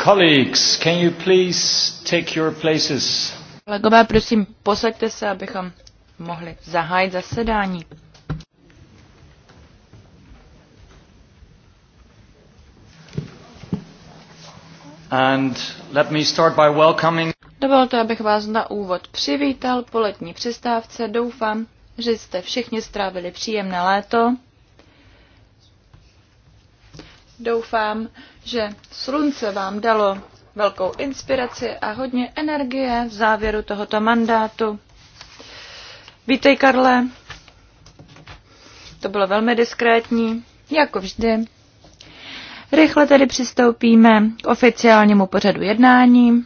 Colleagues, can you please take your places? Kolegové, prosím, posaďte se, abychom mohli zahájit zasedání. And let me start by welcoming... Dovolte, abych vás na úvod přivítal po letní přestávce. Doufám, že jste všichni strávili příjemné léto. Doufám, že slunce vám dalo velkou inspiraci a hodně energie v závěru tohoto mandátu. Vítej, Karle. To bylo velmi diskrétní, jako vždy. Rychle tedy přistoupíme k oficiálnímu pořadu jednání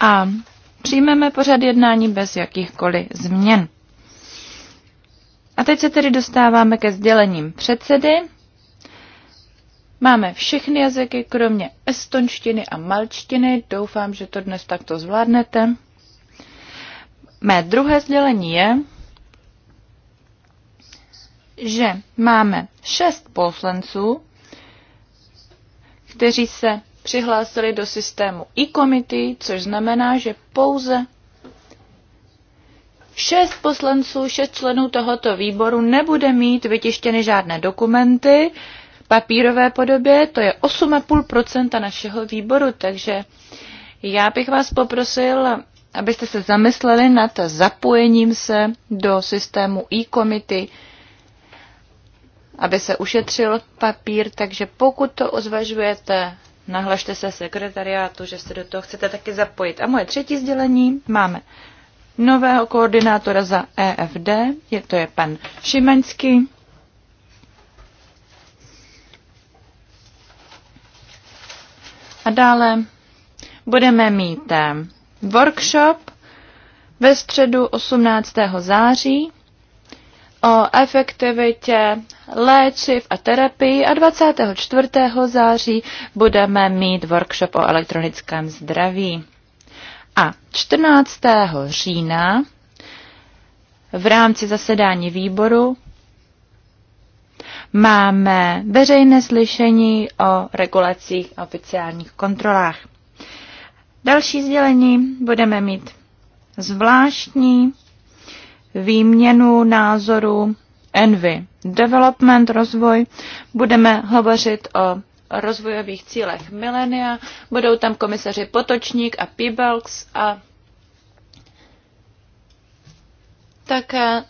a přijmeme pořad jednání bez jakýchkoliv změn. A teď se tedy dostáváme ke sdělením předsedy. Máme všechny jazyky, kromě estonštiny a malčtiny. Doufám, že to dnes takto zvládnete. Mé druhé sdělení je, že máme šest poslanců, kteří se přihlásili do systému e-committee, což znamená, že pouze šest poslanců, šest členů tohoto výboru nebude mít vytištěny žádné dokumenty, papírové podobě, to je 8,5% našeho výboru, takže já bych vás poprosil, abyste se zamysleli nad zapojením se do systému e-komity, aby se ušetřil papír, takže pokud to ozvažujete, nahlašte se sekretariátu, že se do toho chcete taky zapojit. A moje třetí sdělení máme nového koordinátora za EFD, je to je pan Šimaňský. A dále budeme mít eh, workshop ve středu 18. září o efektivitě léčiv a terapii a 24. září budeme mít workshop o elektronickém zdraví. A 14. října v rámci zasedání výboru máme veřejné slyšení o regulacích a oficiálních kontrolách. Další sdělení budeme mít zvláštní výměnu názoru Envy Development rozvoj. Budeme hovořit o rozvojových cílech milenia. Budou tam komisaři Potočník a Pibelks a také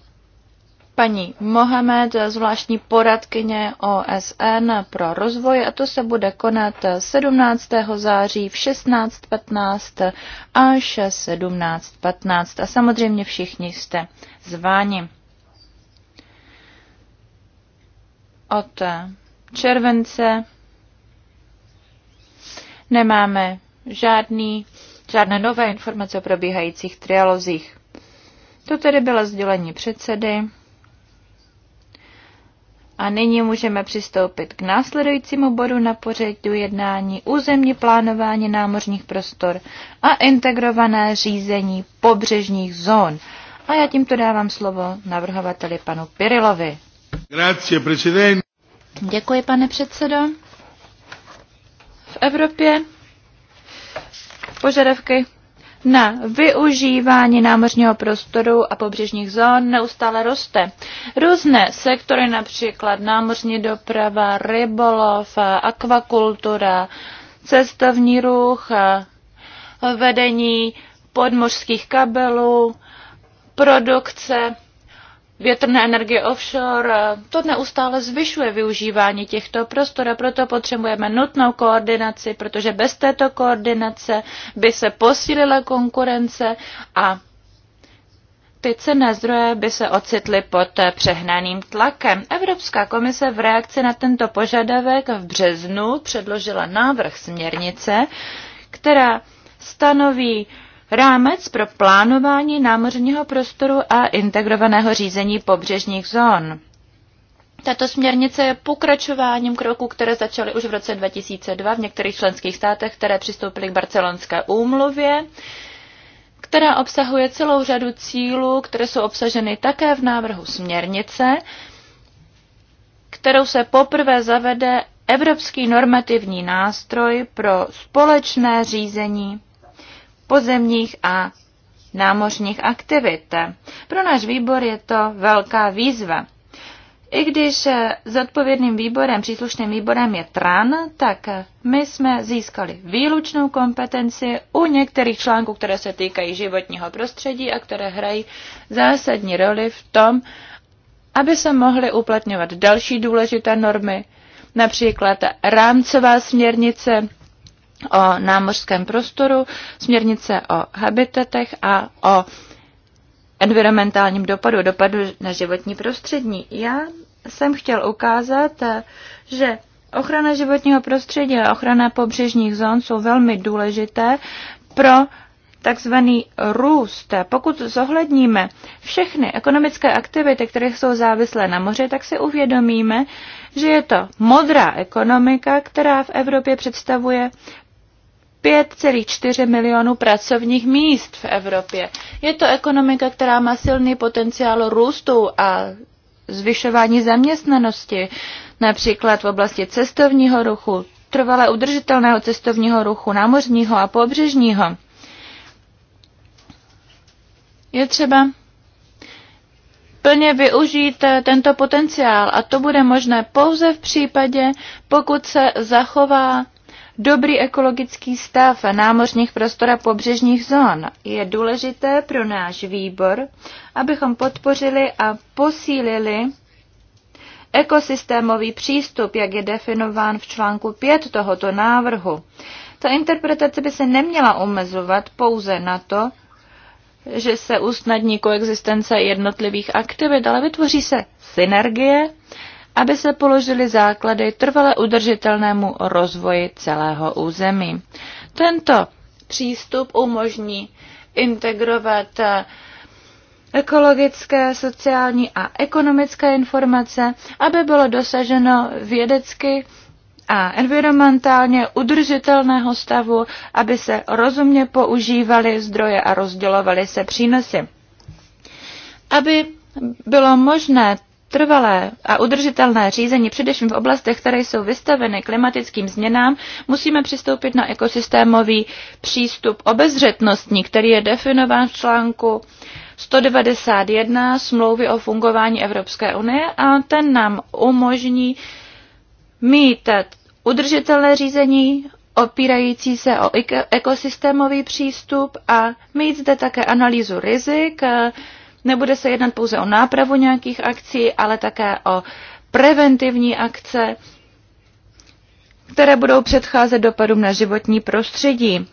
paní Mohamed, zvláštní poradkyně OSN pro rozvoj a to se bude konat 17. září v 16.15 až 17.15 a samozřejmě všichni jste zváni. Od července nemáme žádný, žádné nové informace o probíhajících trialozích. To tedy bylo sdělení předsedy. A nyní můžeme přistoupit k následujícímu bodu na pořadu jednání územní plánování námořních prostor a integrované řízení pobřežních zón. A já tímto dávám slovo navrhovateli panu Pirilovi. Děkuji, pane předsedo. V Evropě požadavky na využívání námořního prostoru a pobřežních zón neustále roste. Různé sektory, například námořní doprava, rybolov, akvakultura, cestovní ruch, vedení podmořských kabelů, produkce větrné energie offshore. Eh, to neustále zvyšuje využívání těchto prostor a proto potřebujeme nutnou koordinaci, protože bez této koordinace by se posílila konkurence a ty cenné zdroje by se ocitly pod eh, přehnaným tlakem. Evropská komise v reakci na tento požadavek v březnu předložila návrh směrnice, která stanoví rámec pro plánování námořního prostoru a integrovaného řízení pobřežních zón. Tato směrnice je pokračováním kroků, které začaly už v roce 2002 v některých členských státech, které přistoupily k barcelonské úmluvě, která obsahuje celou řadu cílů, které jsou obsaženy také v návrhu směrnice, kterou se poprvé zavede Evropský normativní nástroj pro společné řízení pozemních a námořních aktivit. Pro náš výbor je to velká výzva. I když odpovědným výborem, příslušným výborem je TRAN, tak my jsme získali výlučnou kompetenci u některých článků, které se týkají životního prostředí a které hrají zásadní roli v tom, aby se mohly uplatňovat další důležité normy, například rámcová směrnice o námořském prostoru, směrnice o habitatech a o environmentálním dopadu, dopadu na životní prostředí. Já jsem chtěl ukázat, že ochrana životního prostředí a ochrana pobřežních zón jsou velmi důležité pro takzvaný růst. Pokud zohledníme všechny ekonomické aktivity, které jsou závislé na moři, tak si uvědomíme, že je to modrá ekonomika, která v Evropě představuje 5,4 milionů pracovních míst v Evropě. Je to ekonomika, která má silný potenciál růstu a zvyšování zaměstnanosti, například v oblasti cestovního ruchu, trvale udržitelného cestovního ruchu, námořního a pobřežního. Je třeba plně využít eh, tento potenciál a to bude možné pouze v případě, pokud se zachová dobrý ekologický stav námořních prostor a pobřežních zón. Je důležité pro náš výbor, abychom podpořili a posílili ekosystémový přístup, jak je definován v článku 5 tohoto návrhu. Ta interpretace by se neměla omezovat pouze na to, že se usnadní koexistence jednotlivých aktivit, ale vytvoří se synergie aby se položily základy trvale udržitelnému rozvoji celého území. Tento přístup umožní integrovat eh, ekologické, sociální a ekonomické informace, aby bylo dosaženo vědecky a environmentálně udržitelného stavu, aby se rozumně používaly zdroje a rozdělovaly se přínosy. Aby bylo možné trvalé a udržitelné řízení, především v oblastech, které jsou vystaveny klimatickým změnám, musíme přistoupit na ekosystémový přístup obezřetnostní, který je definován v článku 191 smlouvy o fungování Evropské unie a ten nám umožní mít udržitelné řízení opírající se o ekosystémový přístup a mít zde také analýzu rizik, Nebude se jednat pouze o nápravu nějakých akcí, ale také o preventivní akce, které budou předcházet dopadům na životní prostředí.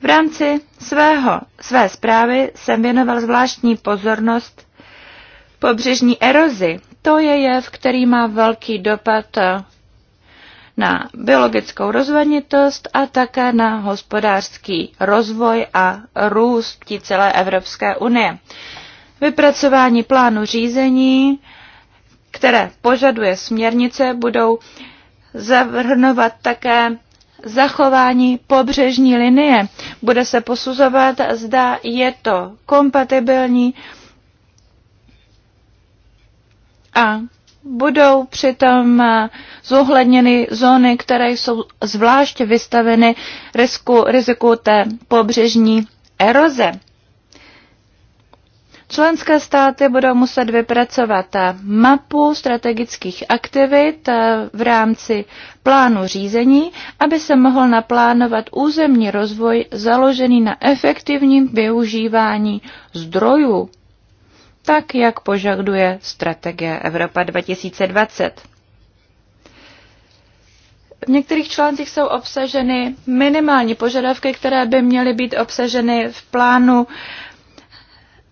V rámci svého, své zprávy jsem věnoval zvláštní pozornost pobřežní erozi. To je jev, který má velký dopad na biologickou rozvanitost a také na hospodářský rozvoj a růst celé Evropské unie vypracování plánu řízení, které požaduje směrnice, budou zavrhnovat také zachování pobřežní linie. Bude se posuzovat, zda je to kompatibilní a budou přitom zohledněny zóny, které jsou zvlášť vystaveny risku, riziku té pobřežní eroze. Členské státy budou muset vypracovat mapu strategických aktivit eh, v rámci plánu řízení, aby se mohl naplánovat územní rozvoj založený na efektivním využívání zdrojů, tak jak požaduje strategie Evropa 2020. V některých článcích jsou obsaženy minimální požadavky, které by měly být obsaženy v plánu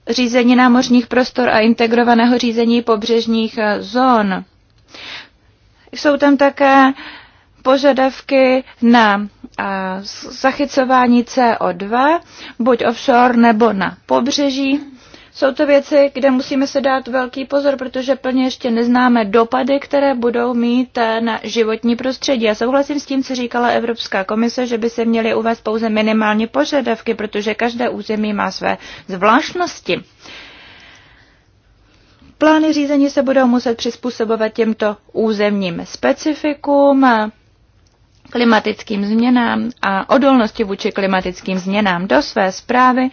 řízení námořních prostor a integrovaného řízení pobřežních eh, zón. Jsou tam také požadavky na eh, zachycování CO2, buď offshore nebo na pobřeží. Jsou to věci, kde musíme se dát velký pozor, protože plně ještě neznáme dopady, které budou mít na životní prostředí. Já souhlasím s tím, co říkala Evropská komise, že by se měly uvést pouze minimální požadavky, protože každé území má své zvláštnosti. Plány řízení se budou muset přizpůsobovat těmto územním specifikům, klimatickým změnám a odolnosti vůči klimatickým změnám. Do své zprávy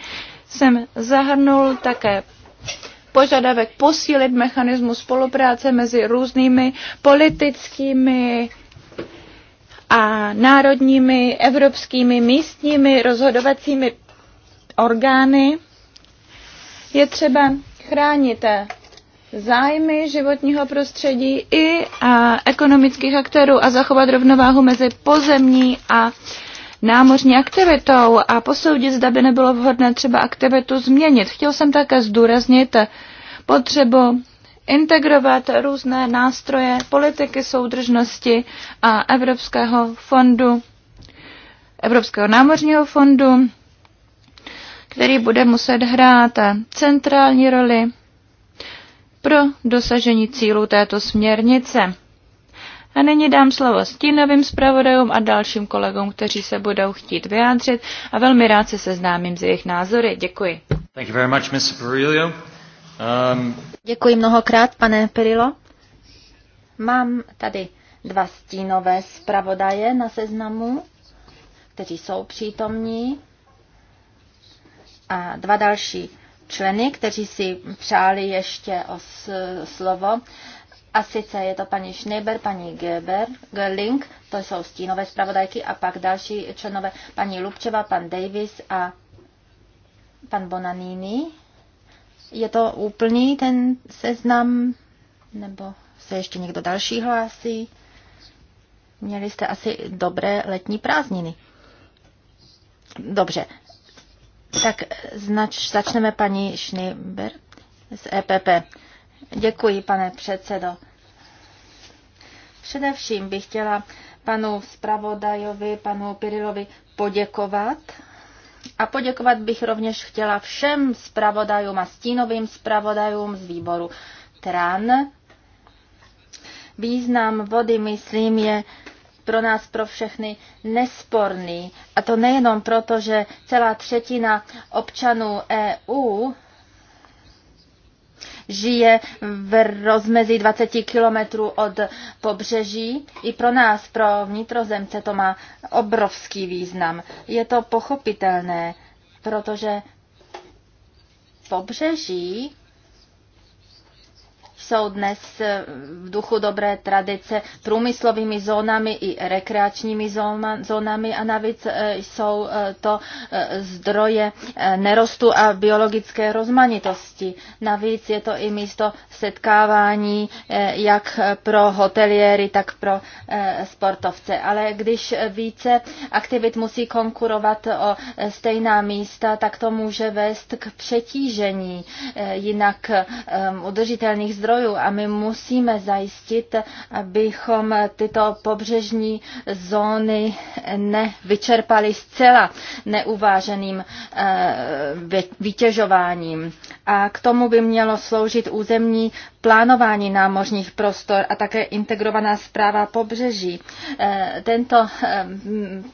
jsem zahrnul také požadavek posílit mechanismus spolupráce mezi různými politickými a národními, evropskými, místními rozhodovacími orgány. Je třeba chránit zájmy životního prostředí i a ekonomických aktérů a zachovat rovnováhu mezi pozemní a námořní aktivitou a posoudit, zda by nebylo vhodné třeba aktivitu změnit. Chtěl jsem také zdůraznit potřebu integrovat různé nástroje politiky soudržnosti a Evropského fondu, Evropského námořního fondu, který bude muset hrát centrální roli pro dosažení cílů této směrnice. A nyní dám slovo stínovým zpravodajům a dalším kolegům, kteří se budou chtít vyjádřit a velmi rád se seznámím s jejich názory. Děkuji. Thank you very much, Mr. Um... Děkuji mnohokrát, pane Perillo. Mám tady dva stínové zpravodaje na seznamu, kteří jsou přítomní a dva další členy, kteří si přáli ještě o slovo. A sice je to paní Schneber, paní Geber, Gerling, to jsou stínové zpravodajky, a pak další členové, paní Lubčeva, pan Davis a pan Bonanini. Je to úplný ten seznam, nebo se ještě někdo další hlásí? Měli jste asi dobré letní prázdniny. Dobře, tak znač, začneme paní Schneber z EPP. Děkuji, pane předsedo. Především bych chtěla panu zpravodajovi, panu Pirilovi poděkovat. A poděkovat bych rovněž chtěla všem zpravodajům a stínovým zpravodajům z výboru TRAN. Význam vody, myslím, je pro nás, pro všechny nesporný. A to nejenom proto, že celá třetina občanů EU žije v rozmezí 20 kilometrů od pobřeží. I pro nás, pro vnitrozemce, to má obrovský význam. Je to pochopitelné, protože pobřeží jsou dnes eh, v duchu dobré tradice průmyslovými zónami i rekreačními zónami a navíc eh, jsou eh, to zdroje nerostu a biologické rozmanitosti. Navíc je to i místo setkávání jak pro hoteliéry, tak pro sportovce. Ale když více aktivit musí konkurovat o stejná místa, tak to může vést k přetížení jinak udržitelných zdrojů zdrojů a my musíme zajistit, abychom tyto pobřežní zóny nevyčerpali zcela neuváženým eh, vytěžováním. A k tomu by mělo sloužit územní plánování námořních prostor a také integrovaná zpráva pobřeží. Eh, tento eh,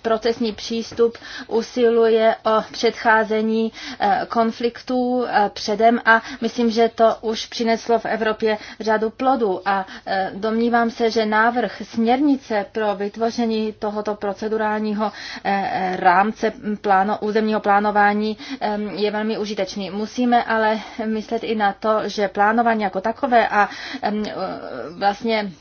procesní přístup usiluje o předcházení konfliktů předem a myslím, že to už přineslo v Evropě je řadu plodů a e, domnívám se, že návrh směrnice pro vytvoření tohoto procedurálního e, rámce pláno, územního plánování e, je velmi užitečný. Musíme ale myslet i na to, že plánování jako takové a vlastně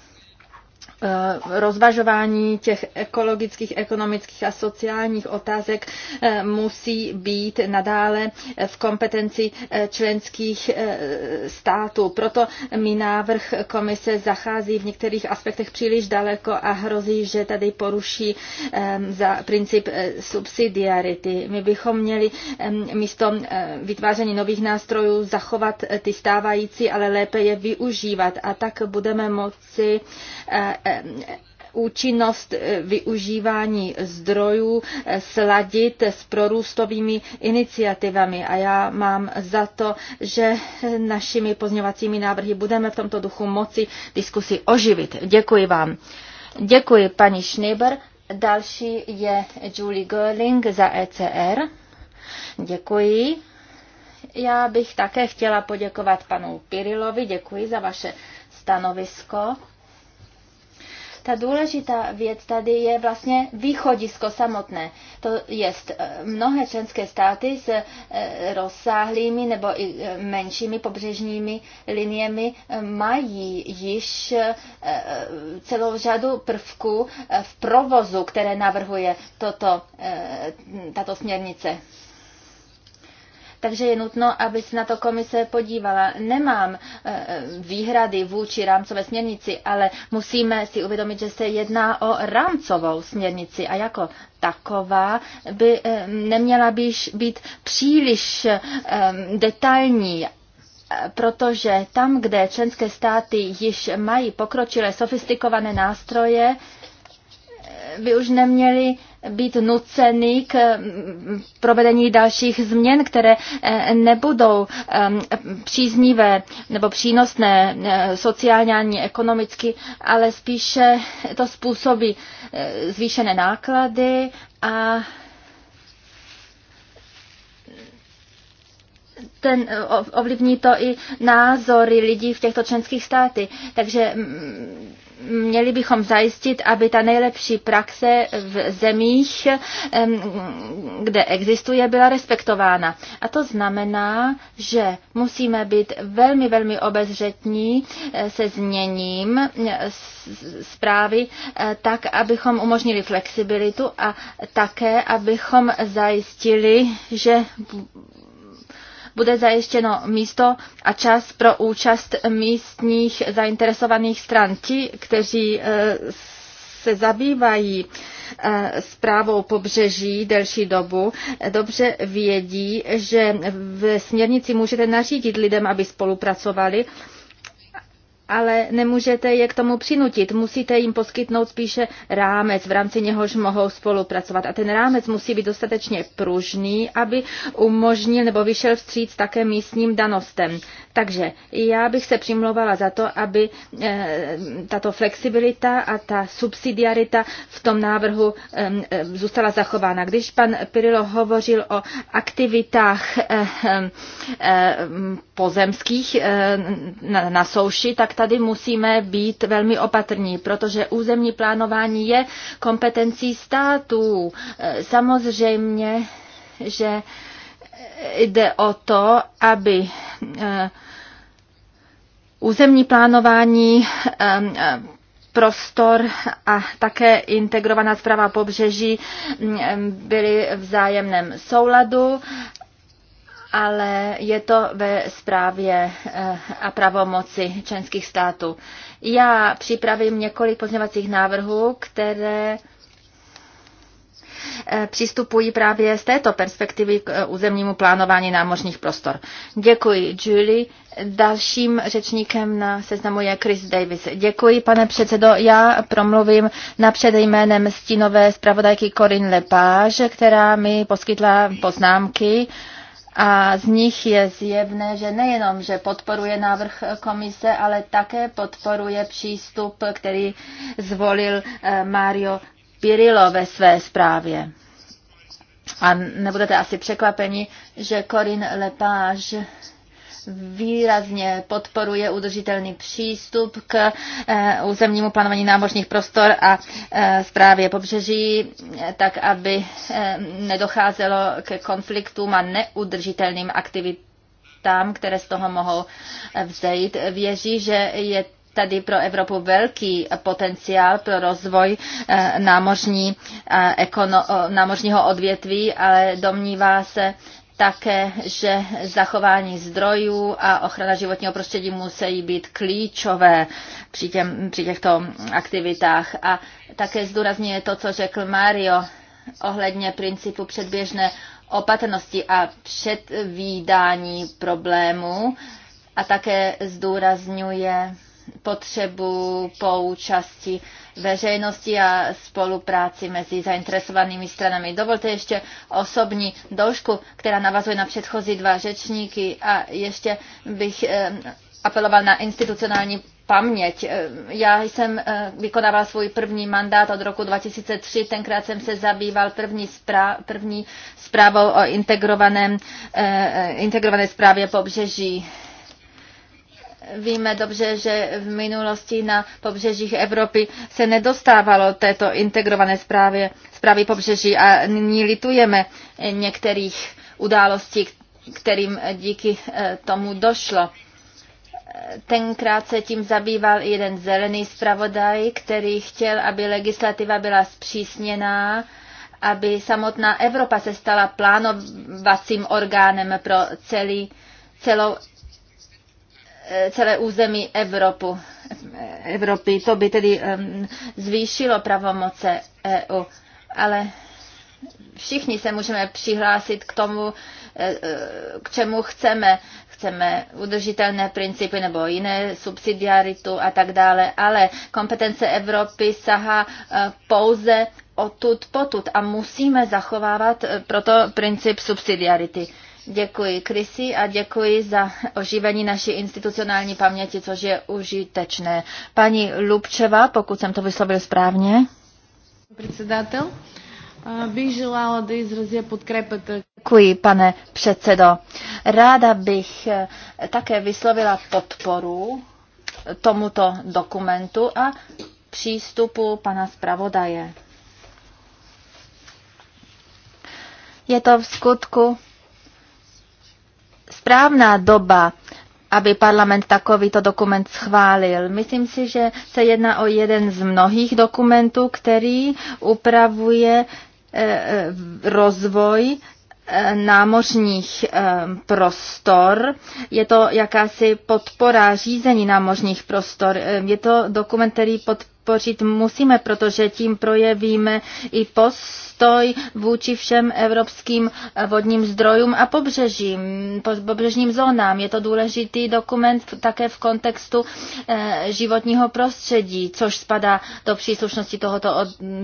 Eh, rozvažování těch ekologických, ekonomických a sociálních otázek eh, musí být nadále v kompetenci eh, členských států. Proto mi návrh komise zachází v některých aspektech příliš daleko a hrozí, že tady poruší za princip subsidiarity. My bychom měli místo vytváření nových nástrojů zachovat ty stávající, ale lépe je využívat a tak budeme moci Eh, účinnost eh, využívání zdrojů eh, sladit s prorůstovými iniciativami. A já mám za to, že našimi pozňovacími návrhy budeme v tomto duchu moci diskusi oživit. Děkuji vám. Děkuji paní Schneber. Další je Julie Görling za ECR. Děkuji. Já bych také chtěla poděkovat panu Pirilovi. Děkuji za vaše stanovisko. Ta důležitá věc tady je vlastně východisko samotné. To je e, mnohé členské státy s e, rozsáhlými nebo i e, menšími pobřežními liniemi mají již celou řadu prvků v provozu, které navrhuje toto, tato směrnice takže je nutno, aby se na to komise podívala. Nemám eh, výhrady vůči rámcové směrnici, ale musíme si uvědomit, že se jedná o rámcovou směrnici a jako taková by eh, neměla být příliš eh, detailní protože tam, kde členské státy již mají pokročilé sofistikované nástroje, by už neměly být nuceny k provedení dalších změn, které e, nebudou e, příznivé nebo přínosné e, sociálně ani ekonomicky, ale spíše to způsobí zvýšené náklady a ten, eh, ovlivní to i názory lidí v těchto členských státech. Takže mm, měli bychom zajistit, aby ta nejlepší praxe v zemích, kde existuje, byla respektována. A to znamená, že musíme být velmi, velmi obezřetní eh, se změním zprávy, eh, tak, abychom umožnili flexibilitu a také, abychom zajistili, že bude zajištěno místo a čas pro účast místních zainteresovaných stran. Ti, kteří eh, se zabývají eh, zprávou pobřeží delší dobu, dobře vědí, že v směrnici můžete nařídit lidem, aby spolupracovali, ale nemůžete je k tomu přinutit. Musíte jim poskytnout spíše rámec, v rámci něhož mohou spolupracovat. A ten rámec musí být dostatečně pružný, aby umožnil nebo vyšel vstříc také místním danostem. Takže já bych se přimlouvala za to, aby eh, tato flexibilita a ta subsidiarita v tom návrhu zůstala zachována. Když pan Pirilo hovořil o aktivitách eh, eh, pozemských na souši, tak tady musíme být velmi opatrní, protože územní plánování je kompetencí států. Samozřejmě, že jde o to, aby eh, územní plánování eh, prostor a také integrovaná zpráva pobřeží mm, byly v zájemném souladu, ale je to ve zprávě eh, a pravomoci členských států. Já připravím několik pozměvacích návrhů, které Eh, přistupují právě z této perspektivy k eh, územnímu plánování námořních prostor. Děkuji, Julie. Dalším řečníkem na seznamu je Chris Davis. Děkuji, pane předsedo. Já promluvím napřed jménem stínové zpravodajky Corinne Lepage, která mi poskytla poznámky a z nich je zjevné, že nejenom, že podporuje návrh komise, ale také podporuje přístup, který zvolil eh, Mario Pirilo ve své zprávě. A nebudete asi překvapeni, že Corinne Lepage výrazně podporuje udržitelný přístup k eh, územnímu plánování námořních prostor a eh, zprávě pobřeží, eh, tak aby nedocházelo ke konfliktům a neudržitelným aktivitám které z toho mohou vzejít. Věří, že je tady pro Evropu velký potenciál pro rozvoj eh, námořní, eh, ekono, eh, námořního odvětví, ale domnívá se, také, že zachování zdrojů a ochrana životního prostředí musí být klíčové při, těm, při těchto aktivitách. A také zdůrazňuje to, co řekl Mario ohledně principu předběžné opatrnosti a předvídání problémů a také zdůrazňuje potřebu po účasti veřejnosti a spolupráci mezi zainteresovanými stranami. Dovolte ještě osobní doušku, která navazuje na předchozí dva řečníky a ještě bych eh, apeloval na institucionální paměť. Eh, já jsem eh, vykonával svůj první mandát od roku 2003, tenkrát jsem se zabýval první, zpráv, první zprávou o integrovaném, integrované zprávě pobřeží Víme dobře, že v minulosti na pobřežích Evropy se nedostávalo této integrované zprávy, zprávy pobřeží a nyní litujeme některých událostí, kterým díky eh, tomu došlo. Tenkrát se tím zabýval jeden zelený zpravodaj, který chtěl, aby legislativa byla zpřísněná, aby samotná Evropa se stala plánovacím orgánem pro celý, celou Eh, celé území Evropu, Evropy. To by tedy zvýšilo pravomoce EU. Ale všichni se můžeme přihlásit k tomu, eh, eh, k čemu chceme. Chceme udržitelné principy nebo jiné subsidiaritu a tak dále, ale kompetence Evropy sahá pouze odtud potud a musíme zachovávat proto princip subsidiarity. Děkuji Krisi a děkuji za oživení naší institucionální paměti, což je užitečné. Paní Lubčeva, pokud jsem to vyslovil správně. Předsedatel, bych želala da izrazia podkrepata. Děkuji, pane předsedo. Ráda bych e, také vyslovila podporu tomuto dokumentu a přístupu pana zpravodaje. Je to v skutku správná doba, aby parlament takovýto dokument schválil. Myslím si, že se jedná o jeden z mnohých dokumentů, který upravuje eh, eh, rozvoj eh, námořních prostor. Je to jakási podpora řízení námořních prostor. Je to dokument, který pod podpořit musíme, protože tím projevíme i postoj vůči všem evropským vodním zdrojům a pobřežím, pobřežním zónám. Je to důležitý dokument také v kontextu eh, životního prostředí, což spadá do příslušnosti tohoto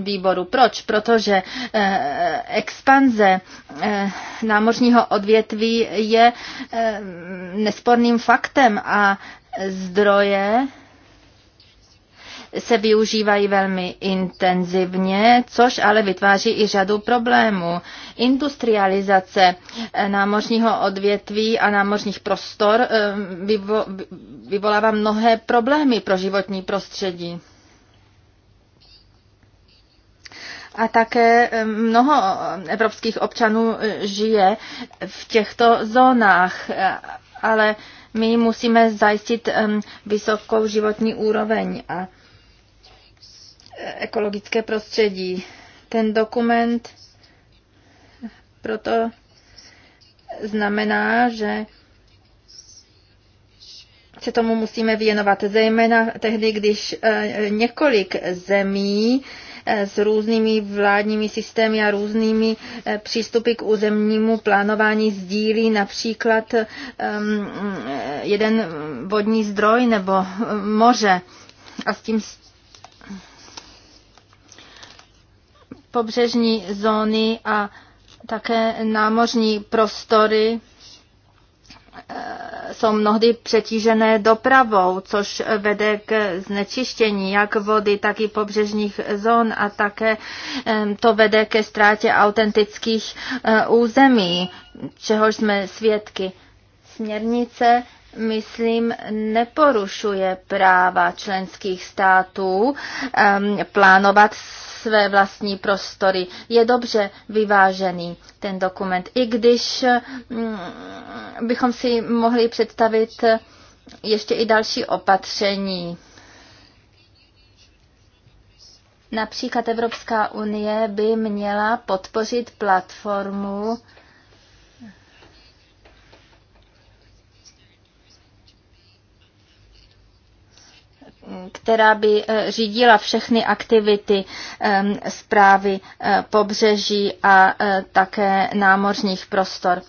výboru. Proč? Protože eh, expanze eh, námořního odvětví je nesporným faktem a zdroje se využívají velmi intenzivně, což ale vytváří i řadu problémů. Industrializace eh, námořního odvětví a námořních prostor eh, vyvo, vyvolává mnohé problémy pro životní prostředí. A také eh, mnoho evropských občanů žije v těchto zónách, ale my musíme zajistit vysokou životní úroveň a ekologické prostředí. Ten dokument proto znamená, že se tomu musíme věnovat, zejména tehdy, když eh, několik zemí eh, s různými vládními systémy a různými eh, přístupy k územnímu plánování sdílí například mm, jeden vodní zdroj nebo moře. A s tím pobřežní zóny a také námořní prostory eh, jsou mnohdy přetížené dopravou, což vede k znečištění jak vody, tak i pobřežních zón a také to vede ke ztrátě autentických eh, území, čehož jsme svědky. Směrnice myslím, neporušuje práva členských států plánovat své vlastní prostory. Je dobře vyvážený ten dokument, i když mm, bychom si mohli představit ještě i další opatření. Například Evropská unie by měla podpořit platformu která by eh, řídila všechny aktivity zprávy eh, eh, pobřeží a také námořních prostor.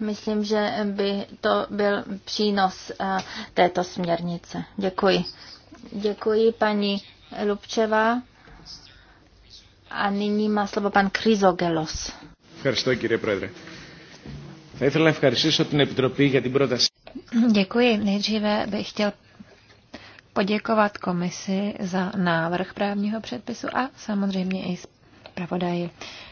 Myslím, že by to byl přínos této směrnice. Děkuji. Děkuji paní Lubčeva. A nyní má slovo pan Kryzogelos. Děkuji. Nejdříve bych chtěl poděkovat komisi za návrh právního předpisu a samozřejmě i zpravodaji.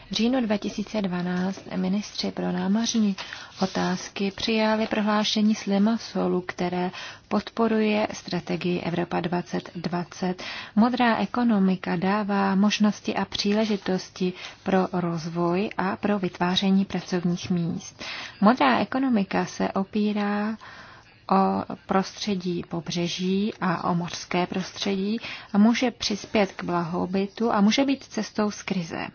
V říjnu 2012 ministři pro námořní otázky přijali prohlášení Slima Solu, které podporuje strategii Evropa 2020. Modrá ekonomika dává možnosti a příležitosti pro rozvoj a pro vytváření pracovních míst. Modrá ekonomika se opírá o prostředí pobřeží a o mořské prostředí a může přispět k blahobytu a může být cestou z krize.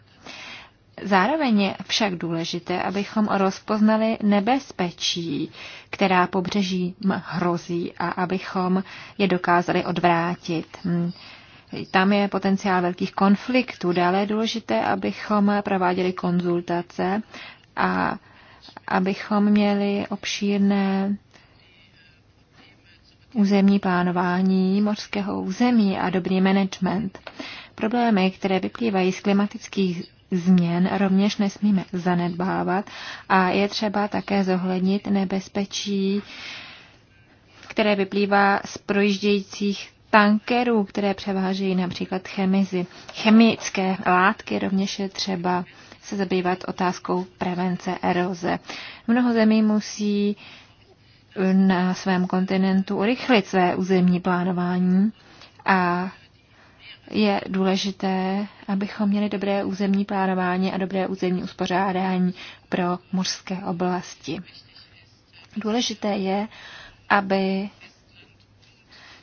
Zároveň je však důležité, abychom rozpoznali nebezpečí, která pobřežím hrozí a abychom je dokázali odvrátit. Tam je potenciál velkých konfliktů. Dále je důležité, abychom prováděli konzultace a abychom měli obšírné územní plánování mořského území a dobrý management. Problémy, které vyplývají z klimatických změn, rovněž nesmíme zanedbávat a je třeba také zohlednit nebezpečí, které vyplývá z projíždějících tankerů, které převážejí například chemizy. Chemické látky rovněž je třeba se zabývat otázkou prevence eroze. Mnoho zemí musí na svém kontinentu urychlit své územní plánování a je důležité, abychom měli dobré územní plánování a dobré územní uspořádání pro mořské oblasti. Důležité je, aby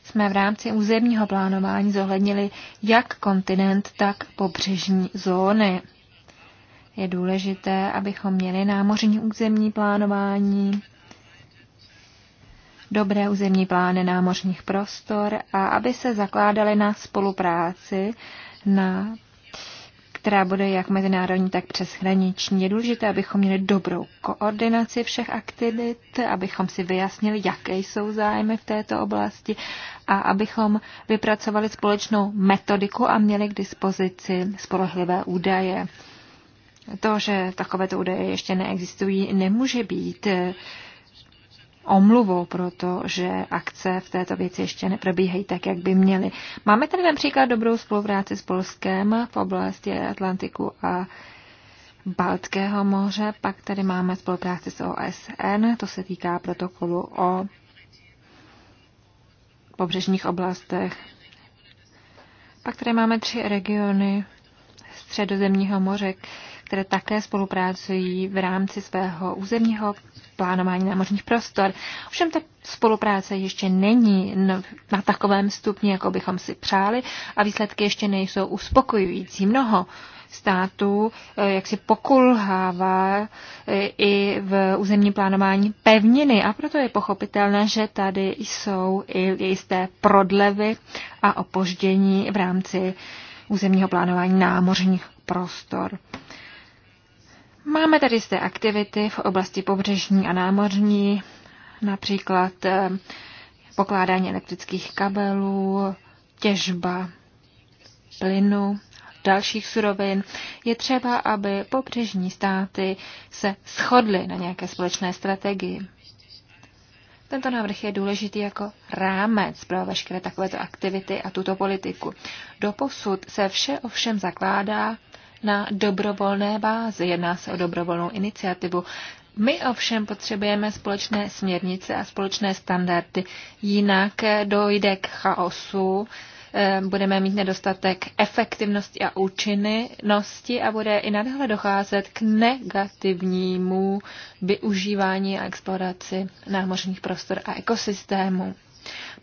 jsme v rámci územního plánování zohlednili jak kontinent, tak pobřežní zóny. Je důležité, abychom měli námořní územní plánování, dobré územní plány námořních prostor a aby se zakládaly na spolupráci, na, která bude jak mezinárodní, tak přeshraniční. Je důležité, abychom měli dobrou koordinaci všech aktivit, abychom si vyjasnili, jaké jsou zájmy v této oblasti a abychom vypracovali společnou metodiku a měli k dispozici spolehlivé údaje. To, že takovéto údaje ještě neexistují, nemůže být omluvou pro to, že akce v této věci ještě neprobíhají tak, jak by měly. Máme tady například dobrou spolupráci s Polskem v oblasti Atlantiku a Baltského moře, pak tady máme spolupráci s OSN, to se týká protokolu o pobřežních oblastech. Pak tady máme tři regiony středozemního moře, které také spolupracují v rámci svého územního plánování námořních prostor. Ovšem ta spolupráce ještě není na takovém stupni, jako bychom si přáli a výsledky ještě nejsou uspokojující. Mnoho států eh, jak si pokulhává eh, i v územní plánování pevniny a proto je pochopitelné, že tady jsou i jisté prodlevy a opoždění v rámci územního plánování námořních prostor. Máme tady zde aktivity v oblasti pobřežní a námořní, například eh, pokládání elektrických kabelů, těžba plynu, dalších surovin. Je třeba, aby pobřežní státy se shodly na nějaké společné strategii. Tento návrh je důležitý jako rámec pro veškeré takovéto aktivity a tuto politiku. Doposud se vše ovšem zakládá na dobrovolné bázi. Jedná se o dobrovolnou iniciativu. My ovšem potřebujeme společné směrnice a společné standardy, jinak eh, dojde k chaosu, eh, budeme mít nedostatek efektivnosti a účinnosti a bude i nadále docházet k negativnímu využívání a exploraci námořních prostor a ekosystémů.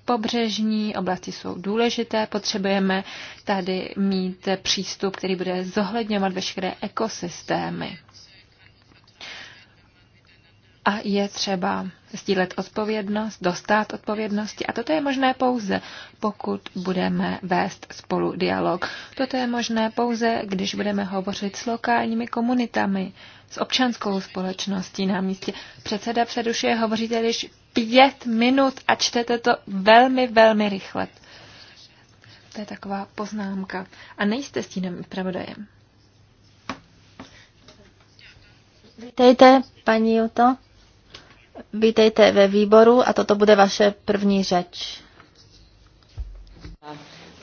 Pobřežní oblasti jsou důležité, potřebujeme tady mít přístup, který bude zohledňovat veškeré ekosystémy a je třeba sdílet odpovědnost, dostat odpovědnosti. A toto je možné pouze, pokud budeme vést spolu dialog. Toto je možné pouze, když budeme hovořit s lokálními komunitami, s občanskou společností na místě. Předseda předušuje, hovoříte když pět minut a čtete to velmi, velmi rychle. To je taková poznámka. A nejste tím pravodajem. Vítejte, paní Juto. Vítejte ve výboru a toto bude vaše první řeč.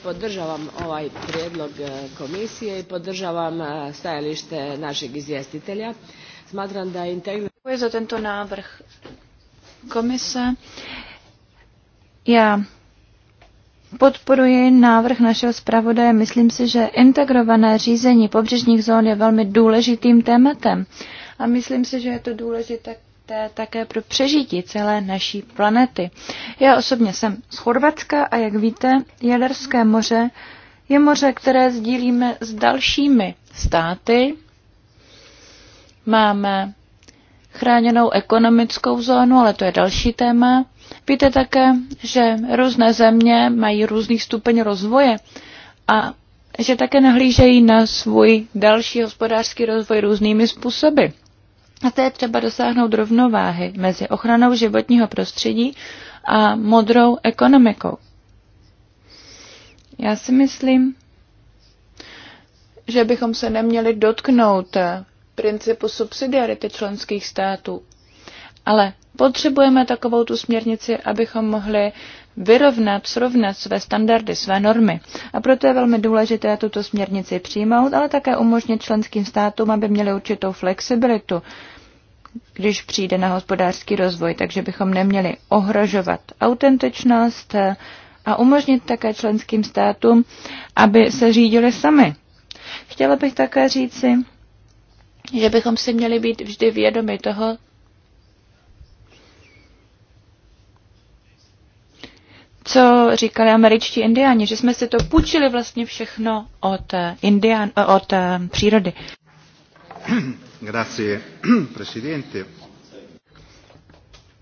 Podržavam ovaj prijedlog e, komisije i podržavam e, stajalište našeg izvjestitelja. Smatram da integr... Děkuji za tento návrh komise. Já Podporuji návrh našeho zpravodaje. Myslím si, že integrované řízení pobřežních zón je velmi důležitým tématem. A myslím si, že je to důležité důležité také pro přežití celé naší planety. Já osobně jsem z Chorvatska a jak víte, Jaderské moře je moře, které sdílíme s dalšími státy. Máme chráněnou ekonomickou zónu, ale to je další téma. Víte také, že různé země mají různý stupeň rozvoje a že také nahlížejí na svůj další hospodářský rozvoj různými způsoby. A to je třeba dosáhnout rovnováhy mezi ochranou životního prostředí a modrou ekonomikou. Já si myslím, že bychom se neměli dotknout principu subsidiarity členských států. Ale potřebujeme takovou tu směrnici, abychom mohli vyrovnat, srovnat své standardy, své normy. A proto je velmi důležité tuto směrnici přijmout, ale také umožnit členským státům, aby měli určitou flexibilitu když přijde na hospodářský rozvoj, takže bychom neměli ohrožovat autentičnost eh, a umožnit také členským státům, aby se řídili sami. Chtěla bych také říci, že bychom si měli být vždy vědomi toho, co říkali američtí indiáni, že jsme si to půjčili vlastně všechno od, eh, indián, od eh, přírody.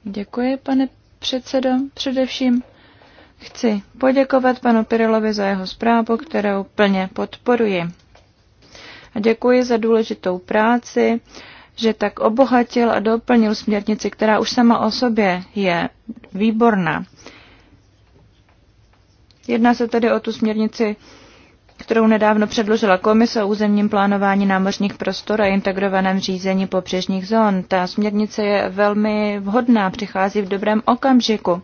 Děkuji, pane předsedo. Především chci poděkovat panu Pirilovi za jeho zprávu, kterou plně podporuji. A děkuji za důležitou práci, že tak obohatil a doplnil směrnici, která už sama o sobě je výborná. Jedná se tedy o tu směrnici kterou nedávno předložila Komise o územním plánování námořních prostor a integrovaném řízení pobřežních zón. Ta směrnice je velmi vhodná, přichází v dobrém okamžiku.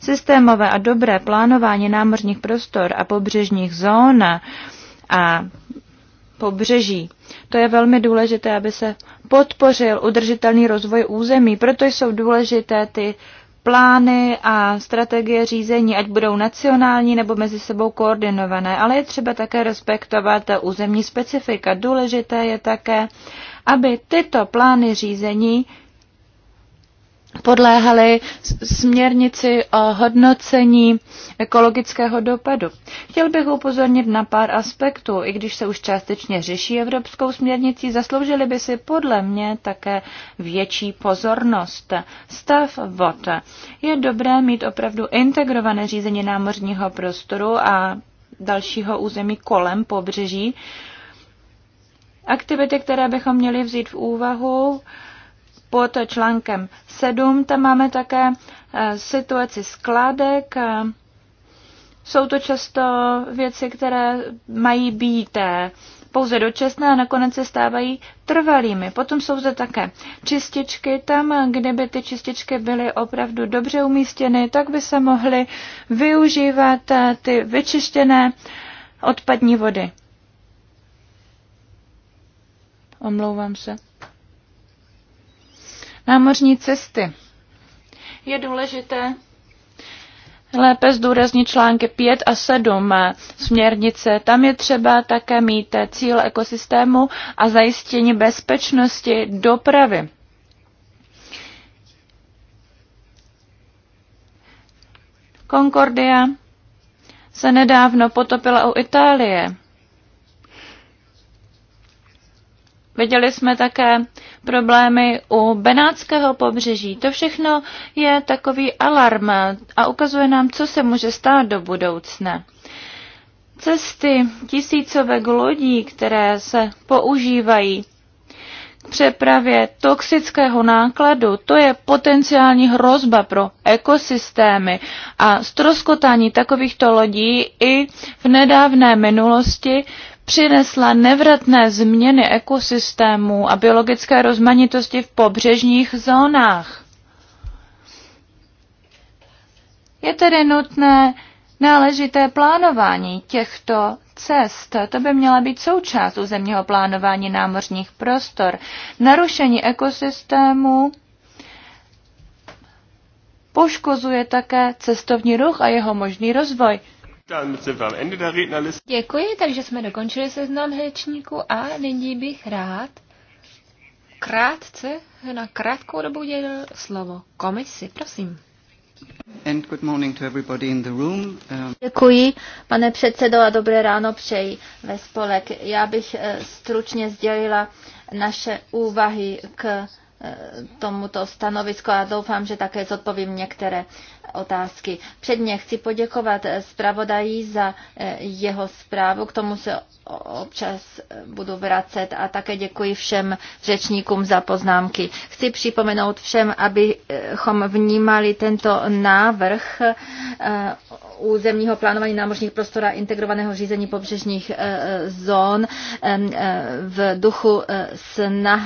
Systémové a dobré plánování námořních prostor a pobřežních zón a pobřeží. To je velmi důležité, aby se podpořil udržitelný rozvoj území, proto jsou důležité ty plány a strategie řízení, ať budou nacionální nebo mezi sebou koordinované, ale je třeba také respektovat územní specifika. Důležité je také, aby tyto plány řízení podléhaly směrnici o hodnocení ekologického dopadu. Chtěl bych upozornit na pár aspektů, i když se už částečně řeší evropskou směrnicí, zasloužili by si podle mě také větší pozornost. Stav vod. Je dobré mít opravdu integrované řízení námořního prostoru a dalšího území kolem pobřeží. Aktivity, které bychom měli vzít v úvahu, pod článkem 7. Tam máme také eh, situaci skládek. Eh, jsou to často věci, které mají být eh, pouze dočasné a nakonec se stávají trvalými. Potom jsou zde také čističky. Tam, kde by ty čističky byly opravdu dobře umístěny, tak by se mohly využívat ty vyčištěné odpadní vody. Omlouvám se námořní cesty. Je důležité lépe zdůraznit články 5 a 7 směrnice. Tam je třeba také mít cíl ekosystému a zajištění bezpečnosti dopravy. Concordia se nedávno potopila u Itálie. Viděli jsme také problémy u Benátského pobřeží. To všechno je takový alarm a ukazuje nám, co se může stát do budoucna. Cesty tisícovek lodí, které se používají k přepravě toxického nákladu, to je potenciální hrozba pro ekosystémy a stroskotání takovýchto lodí i v nedávné minulosti přinesla nevratné změny ekosystému a biologické rozmanitosti v pobřežních zónách. Je tedy nutné náležité plánování těchto cest. To by měla být součást územního plánování námořních prostor. Narušení ekosystému poškozuje také cestovní ruch a jeho možný rozvoj. Děkuji, takže jsme dokončili seznam řečníků a nyní bych rád krátce, na krátkou dobu udělil slovo komisi, prosím. And good morning to everybody in the room. Um, Děkuji, pane předsedo, a dobré ráno přeji ve spolek. Já bych eh, stručně sdělila naše úvahy k tomuto stanovisko a doufám, že také zodpovím některé otázky. Předně chci poděkovat zpravodají za eh, jeho zprávu, k tomu se občas eh, budu vracet a také děkuji všem řečníkům za poznámky. Chci připomenout všem, abychom vnímali tento návrh eh, územního plánování námořních prostor a integrovaného řízení pobřežních eh, eh, zón eh, v duchu snah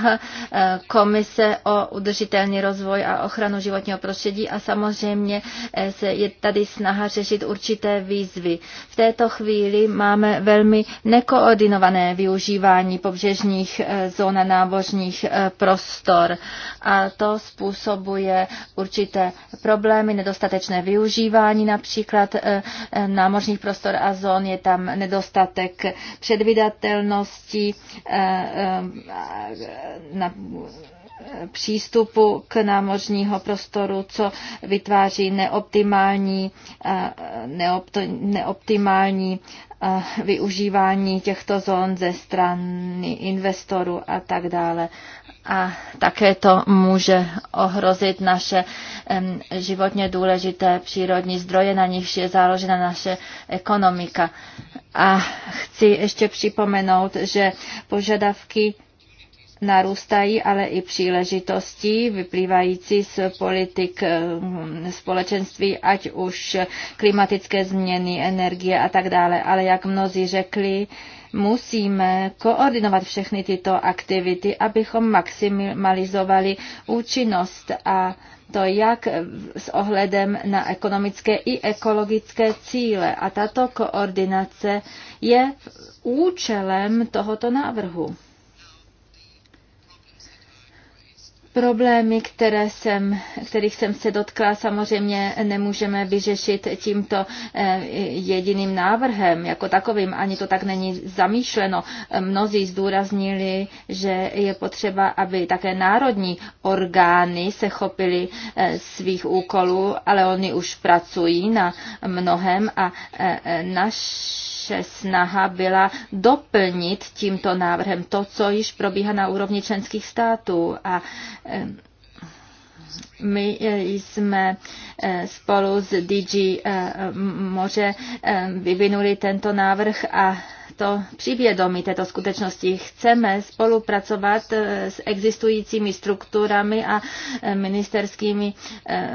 Komise o udržitelný rozvoj a ochranu životního prostředí a samozřejmě se je tady snaha řešit určité výzvy. V této chvíli máme velmi nekoordinované využívání pobřežních zón a námořních prostor a to způsobuje určité problémy, nedostatečné využívání například Eh, eh, námořních prostor a zón, je tam nedostatek předvydatelnosti eh, na přístupu k námořního prostoru, co vytváří neoptimální, neoptimální využívání těchto zón ze strany investorů a tak dále a také to může ohrozit naše životně důležité přírodní zdroje, na nichž je založena naše ekonomika. A chci ještě připomenout, že požadavky narůstají ale i příležitosti vyplývající z politik společenství, ať už klimatické změny, energie a tak dále. Ale jak mnozí řekli, musíme koordinovat všechny tyto aktivity, abychom maximalizovali účinnost a to jak s ohledem na ekonomické i ekologické cíle. A tato koordinace je účelem tohoto návrhu. Problémy, které jsem, kterých jsem se dotkla, samozřejmě nemůžeme vyřešit tímto eh, jediným návrhem jako takovým, ani to tak není zamýšleno. Mnozí zdůraznili, že je potřeba, aby také národní orgány se chopily eh, svých úkolů, ale oni už pracují na mnohem a naš eh, naše snaha byla doplnit tímto návrhem to, co již probíhá na úrovni členských států. A my eh, jsme eh, spolu s DG eh, Moře vyvinuli tento návrh a to přivědomí této skutečnosti. Chceme spolupracovat s existujícími strukturami a ministerskými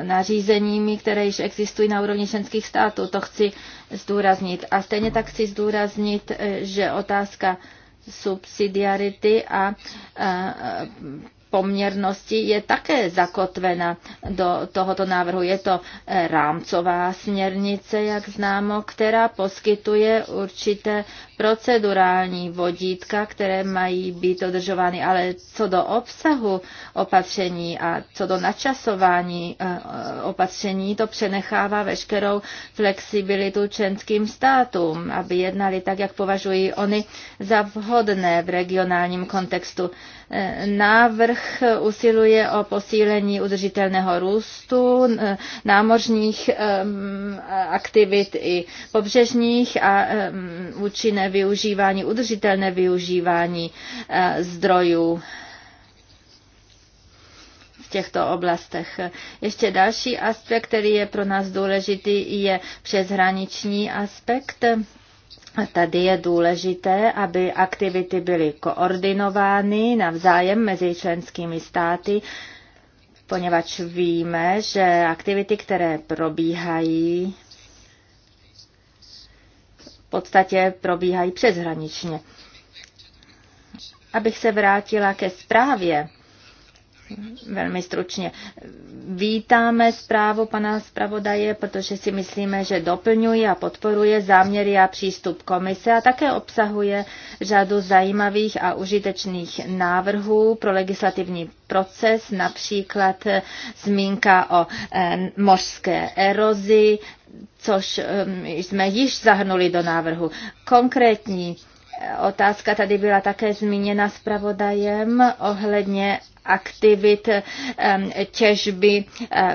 nařízeními, které již existují na úrovni členských států. To chci zdůraznit. A stejně tak chci zdůraznit, že otázka subsidiarity a poměrnosti je také zakotvena do tohoto návrhu. Je to rámcová směrnice, jak známo, která poskytuje určité procedurální vodítka, které mají být dodržovány, ale co do obsahu opatření a co do načasování eh, opatření, to přenechává veškerou flexibilitu členským státům, aby jednali tak, jak považují oni za vhodné v regionálním kontextu. Eh, návrh usiluje o posílení udržitelného růstu eh, námořních aktivit i pobřežních a účinné využívání, udržitelné využívání eh, zdrojů v těchto oblastech. Ještě další aspekt, který je pro nás důležitý, je přeshraniční aspekt. Tady je důležité, aby aktivity byly koordinovány navzájem mezi členskými státy, poněvadž víme, že aktivity, které probíhají podstatě probíhají přeshraničně. Abych se vrátila ke zprávě, velmi stručně. Vítáme zprávu pana zpravodaje, protože si myslíme, že doplňuje a podporuje záměry a přístup komise a také obsahuje řadu zajímavých a užitečných návrhů pro legislativní proces, například zmínka o eh, mořské erozi, což um, jsme již zahrnuli do návrhu. Konkrétní otázka tady byla také zmíněna zpravodajem ohledně aktivit těžby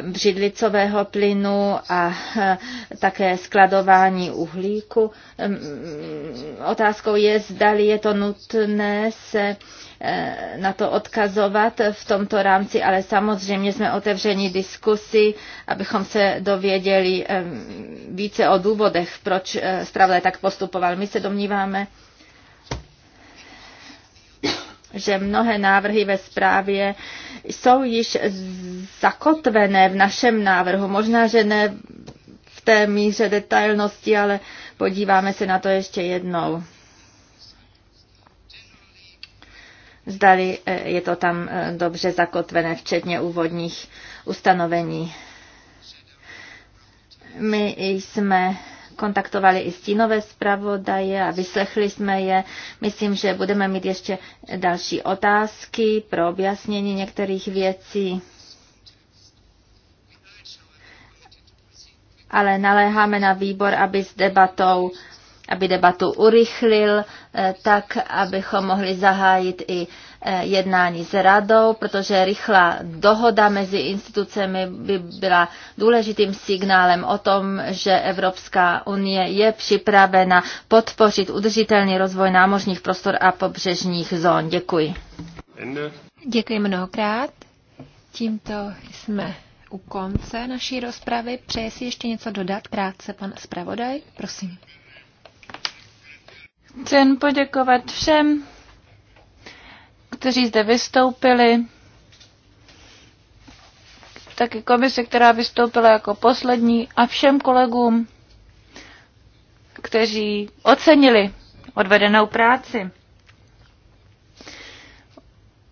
břidlicového plynu a eh, také skladování uhlíku. Otázkou je, zdali je to nutné se eh, na to odkazovat v tomto rámci, ale samozřejmě jsme otevřeni diskusi, abychom se dověděli více o důvodech, proč eh, zpravodaj tak postupoval. My se domníváme, že mnohé návrhy ve zprávě jsou již zakotvené v našem návrhu. Možná, že ne v té míře detailnosti, ale podíváme se na to ještě jednou. Zdali eh, je to tam eh, dobře zakotvené, včetně úvodních ustanovení. My jsme kontaktovali i stínové zpravodaje a vyslechli jsme je. Myslím, že budeme mít ještě další otázky pro objasnění některých věcí. Ale naléháme na výbor, aby s debatou aby debatu urychlil, eh, tak abychom mohli zahájit i Eh, jednání s radou, protože rychlá dohoda mezi institucemi by byla důležitým signálem o tom, že Evropská unie je připravena podpořit udržitelný rozvoj námořních prostor a pobřežních zón. Děkuji. Děkuji mnohokrát. Tímto jsme u konce naší rozpravy. Přeje si ještě něco dodat krátce pan zpravodaj? Prosím. Chci jen poděkovat všem kteří zde vystoupili, taky komise, která vystoupila jako poslední a všem kolegům, kteří ocenili odvedenou práci.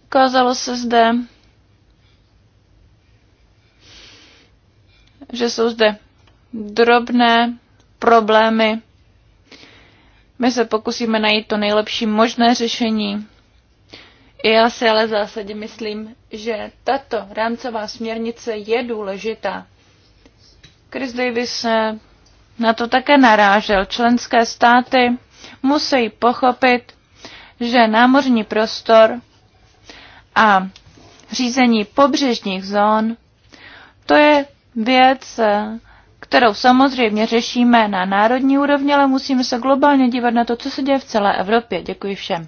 Ukázalo se zde, že jsou zde drobné problémy. My se pokusíme najít to nejlepší možné řešení já si ale zásadě myslím, že tato rámcová směrnice je důležitá. Chris Davis eh, na to také narážel. Členské státy musí pochopit, že námořní prostor a řízení pobřežních zón, to je věc, eh, kterou samozřejmě řešíme na národní úrovni, ale musíme se globálně dívat na to, co se děje v celé Evropě. Děkuji všem.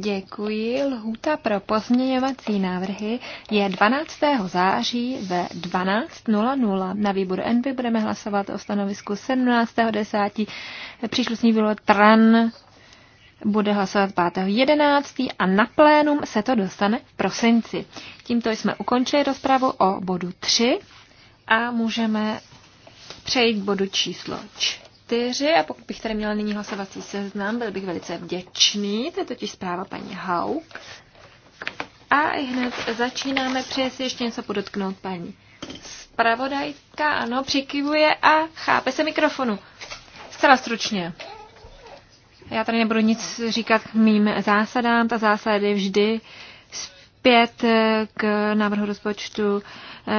Děkuji. Lhůta pro pozměňovací návrhy je 12. září ve 12.00. Na výboru NB budeme hlasovat o stanovisku 17.10. Příslušný výbor TRAN bude hlasovat 5.11. a na plénum se to dostane v prosinci. Tímto jsme ukončili rozpravu o bodu 3 a můžeme přejít k bodu číslo 4 čtyři. A pokud bych tady měla nyní hlasovací seznam, byl bych velice vděčný. To je totiž zpráva paní Hauk. A hned začínáme. Přeje si ještě něco podotknout paní Spravodajka, ano, přikivuje a chápe se mikrofonu. Zcela stručně. Já tady nebudu nic říkat k mým zásadám. Ta zásada je vždy zpět k návrhu rozpočtu.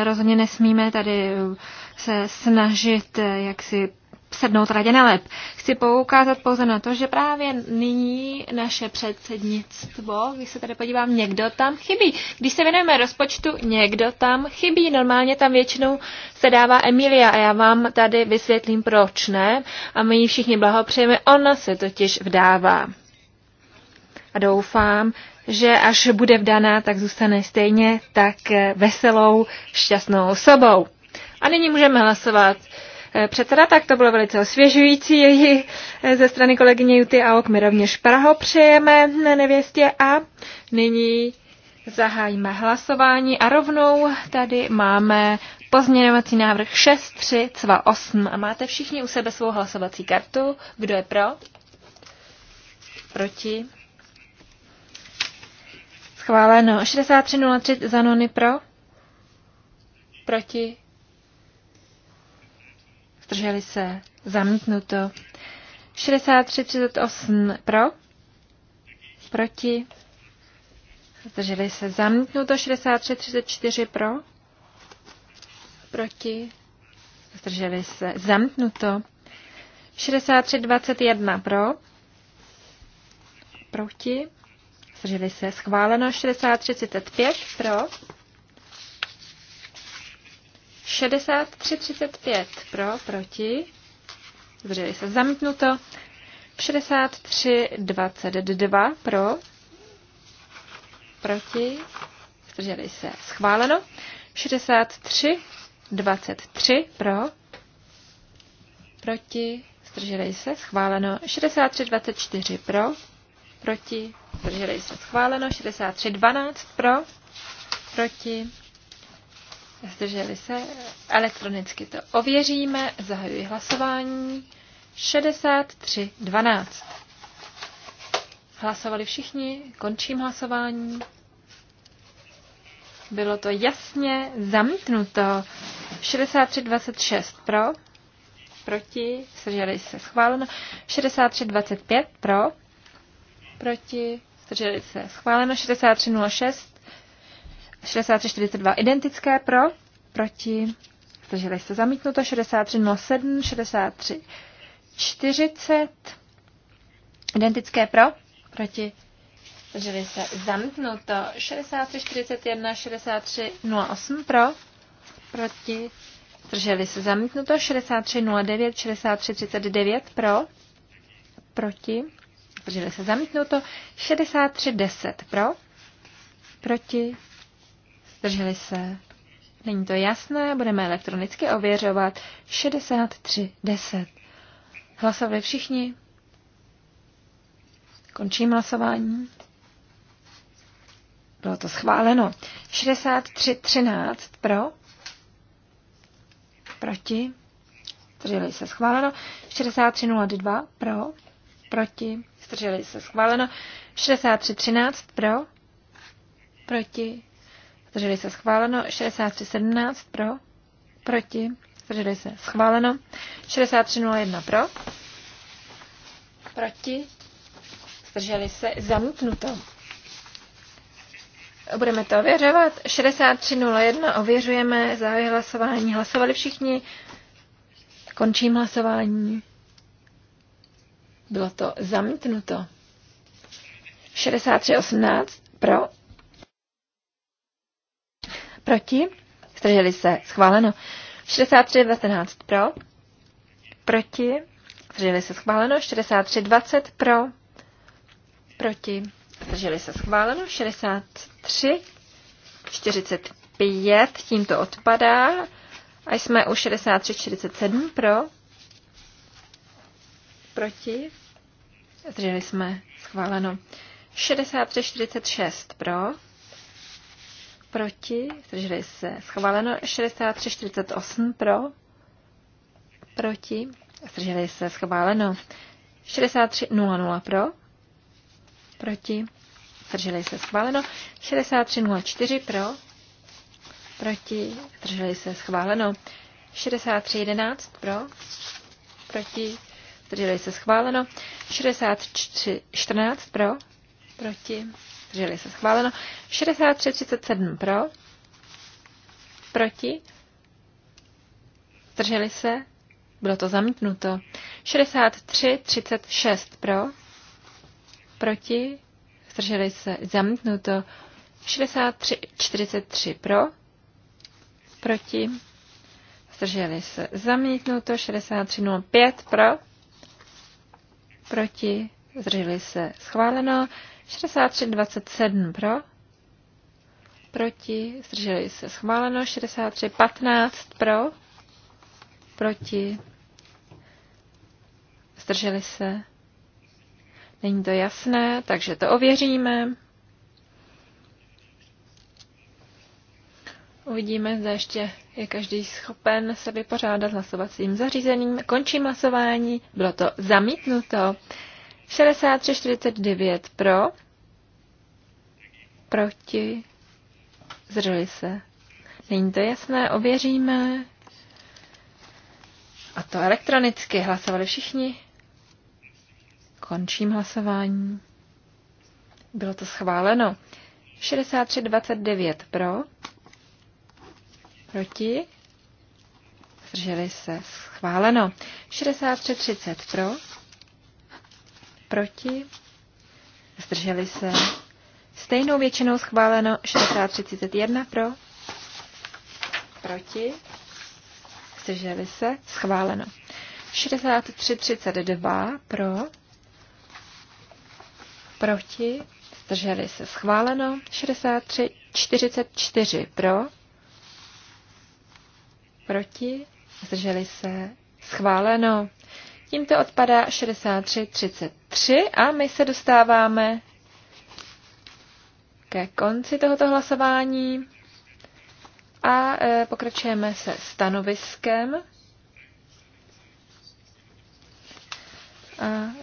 Rozhodně nesmíme tady se snažit jaksi sednout radě lep. Chci poukázat pouze na to, že právě nyní naše předsednictvo, když se tady podívám, někdo tam chybí. Když se věnujeme rozpočtu, někdo tam chybí. Normálně tam většinou se dává Emilia a já vám tady vysvětlím, proč ne. A my ji všichni blahopřejeme. Ona se totiž vdává. A doufám, že až bude vdaná, tak zůstane stejně tak veselou, šťastnou osobou. A nyní můžeme hlasovat. Eh, předseda, tak to bylo velice osvěžující eh, ze strany kolegyně Juty Aok. My rovněž Praho přejeme na nevěstě a nyní zahájíme hlasování a rovnou tady máme pozměňovací návrh 6328 a máte všichni u sebe svou hlasovací kartu. Kdo je pro? Proti? Schváleno. 6303 Zanony pro? Proti? zdrželi se, zamítnuto. 63,38 pro, proti, zdrželi se, zamítnuto. 63,34 pro, proti, zdrželi se, zamítnuto. 63,21 pro, proti, zdrželi se, schváleno. 63,35 pro, 63,35 pro, proti, zdrželi se zamítnuto. 63,22 pro, proti, zdrželi se schváleno. 63,23 pro, proti, zdrželi se schváleno. 63,24 pro, proti, zdrželi se schváleno. 63,12 pro, proti, zdrželi se, elektronicky to ověříme, zahajuji hlasování, 63, 12. Hlasovali všichni, končím hlasování. Bylo to jasně zamítnuto. 26 pro, proti, zdrželi se schváleno. 63 25 pro, proti, zdrželi se schváleno. 63 06 6342 identické pro, proti, zdrželi se zamítnuto, 6307, 63.40 identické pro, proti, zdrželi se zamítnuto, 6341, 6308 pro, proti, zdrželi se zamítnuto, 6309, 6339 pro, proti, zdrželi se zamítnuto, 6310 pro, proti, Zdrželi se. Není to jasné, budeme elektronicky ověřovat 6310. Hlasovali všichni? Končím hlasování. Bylo to schváleno. 63.13 pro. Proti. Zdrželi se schváleno. 63.02 pro. Proti. Zdrželi se schváleno. 63.13 pro. Proti zdrželi se schváleno, 63.17 pro, proti, zdrželi se schváleno, 63.01 pro, proti, zdrželi se zamítnuto. Budeme to ověřovat. 63.01 ověřujeme, zahajuji hlasování. Hlasovali všichni. Končím hlasování. Bylo to zamítnuto. 63.18 pro, Proti? Zdrželi se. Schváleno. 63 19 pro. Proti? Zdrželi se. Schváleno. 63 20 pro. Proti? Zdrželi se. Schváleno. 63. 45. Tím to odpadá. A jsme u 63 47 pro. Proti? Zdrželi jsme. Schváleno. 63 46 pro proti, zdrželi se schváleno 63,48 pro, proti, zdrželi se schváleno 63,00 pro, proti, zdrželi se schváleno 63,04 pro, proti, zdrželi se schváleno 63,11 pro, proti, zdrželi se schváleno 63,14 pro, proti, zdrželi se schváleno. 63,37 pro, proti, zdrželi se, bylo to zamítnuto. 63,36 pro, proti, zdrželi se, zamítnuto. 63,43 pro, proti, zdrželi se, zamítnuto. 63,05 pro, proti, zdrželi se, schváleno. 63,27 pro, proti, zdrželi se schváleno, 63,15 pro, proti, zdrželi se, není to jasné, takže to ověříme. Uvidíme, zda ještě je každý schopen se vypořádat hlasovacím zařízením. Končím hlasování, bylo to zamítnuto. 63,49 pro, proti, zdrželi se. Není to jasné, ověříme. A to elektronicky hlasovali všichni. Končím hlasování. Bylo to schváleno. 63,29 pro, proti, zdrželi se. Schváleno. 63,30 pro, proti, zdrželi se. Stejnou většinou schváleno 6331 pro, proti, zdrželi se, schváleno. 6332 pro, proti, zdrželi se, schváleno. 6344 pro, proti, zdrželi se, schváleno. Tímto odpadá 63.33 a my se dostáváme ke konci tohoto hlasování a e, pokračujeme se stanoviskem. A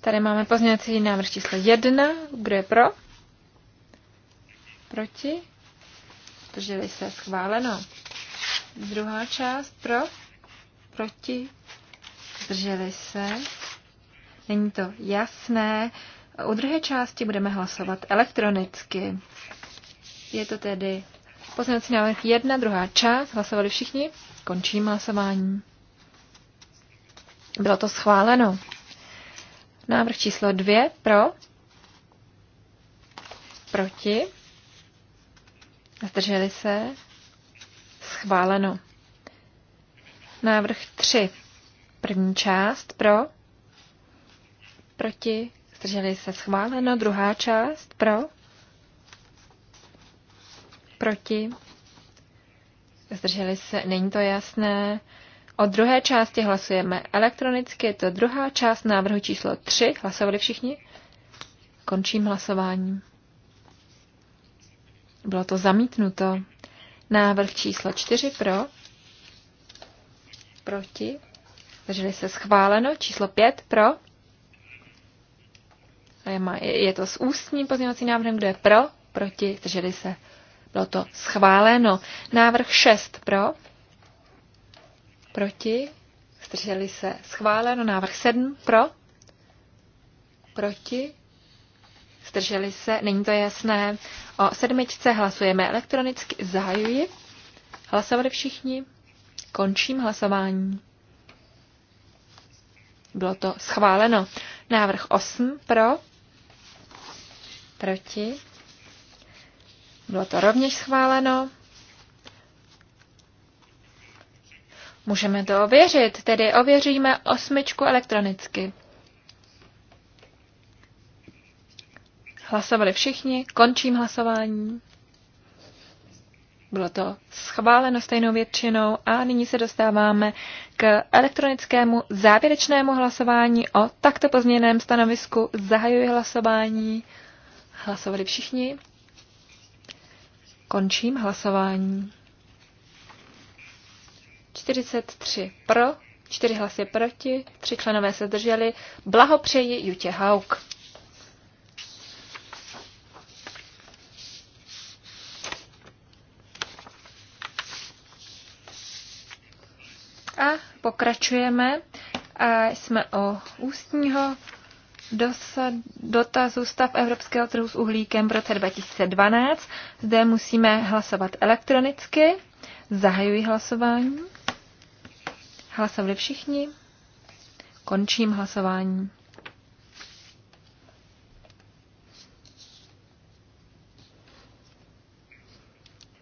tady máme pozměňovací návrh číslo 1. Kdo je pro? Proti? Drželi se schváleno. Druhá část pro? Proti? zdrželi se, není to jasné. U druhé části budeme hlasovat elektronicky. Je to tedy poslanecí návrh jedna druhá část, hlasovali všichni. Končím hlasování. Bylo to schváleno. Návrh číslo dvě pro. Proti. Zdrželi se. Schváleno. Návrh 3, První část pro, proti, zdrželi se schváleno. Druhá část pro, proti, zdrželi se, není to jasné. O druhé části hlasujeme elektronicky, je to druhá část návrhu číslo 3. Hlasovali všichni? Končím hlasování. Bylo to zamítnuto. Návrh číslo 4 pro. Proti. Zdrželi se schváleno. Číslo 5 pro. Je to s ústním pozměňovacím návrhem, kdo je pro, proti, zdrželi se. Bylo to schváleno. Návrh 6 pro, proti, zdrželi se. Schváleno. Návrh 7 pro, proti, zdrželi se. Není to jasné. O sedmičce hlasujeme elektronicky. Zahajuji. Hlasovali všichni. Končím hlasování. Bylo to schváleno. Návrh 8 pro, proti. Bylo to rovněž schváleno. Můžeme to ověřit, tedy ověříme osmičku elektronicky. Hlasovali všichni, končím hlasování. Bylo to schváleno stejnou většinou a nyní se dostáváme k elektronickému závěrečnému hlasování o takto pozměněném stanovisku. Zahajuji hlasování. Hlasovali všichni. Končím hlasování. 43 pro, 4 hlasy proti, 3 členové se drželi. Blahopřeji Jutě Hauk. Pokračujeme a jsme o ústního dotazu stav evropského trhu s uhlíkem v roce 2012. Zde musíme hlasovat elektronicky. Zahajuji hlasování. Hlasovali všichni. Končím hlasování.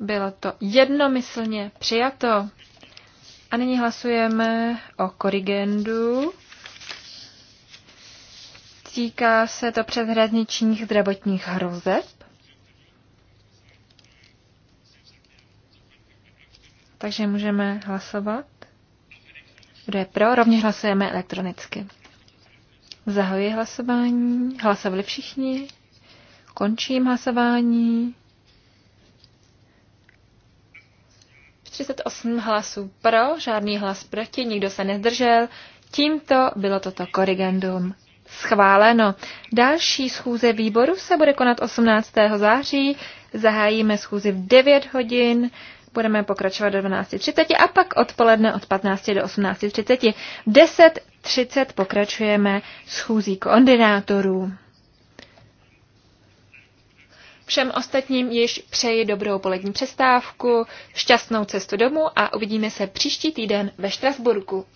Bylo to jednomyslně přijato. A nyní hlasujeme o korigendu. Týká se to přeshraničních zdravotních hrozeb. Takže můžeme hlasovat. Kdo je pro? Rovněž hlasujeme elektronicky. Zahajuji hlasování. Hlasovali všichni. Končím hlasování. 38 hlasů pro, žádný hlas proti, nikdo se nezdržel. Tímto bylo toto korrigendum schváleno. Další schůze výboru se bude konat 18. září. Zahájíme schůzi v 9 hodin. Budeme pokračovat do 12.30 a pak odpoledne od 15 do 18.30. V 10.30 pokračujeme schůzí koordinátorů. Všem ostatním již přeji dobrou polední přestávku, šťastnou cestu domů a uvidíme se příští týden ve Štrasburku.